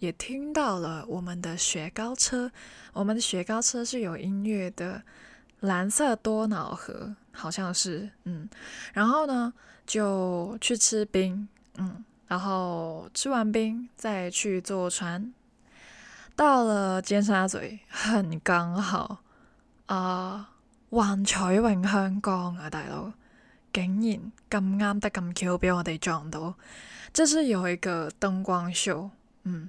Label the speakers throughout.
Speaker 1: 也聽到了我們的雪糕車，我們的雪糕車是有音樂的，藍色多瑙河好像是，嗯，然後呢就去吃冰，嗯，然後吃完冰再去坐船，到了尖沙咀，很剛好啊，幻、呃、彩詠香江啊，大佬，竟然咁啱得咁巧，俾我哋撞到，這是有一個燈光秀，嗯。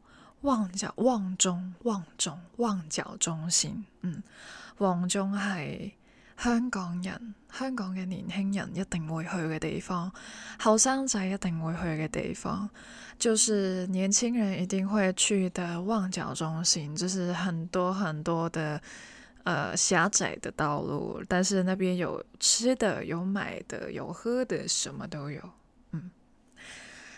Speaker 1: 旺角、旺中、旺中、旺角中心，嗯，旺中係香港人、香港嘅年輕人一定會去嘅地方，後生仔一定會去嘅地方，就是年輕人一定會去嘅旺角中心，就是很多很多的，呃，狹窄的道路，但是那邊有吃的、有買的、有喝的，什麼都有，嗯。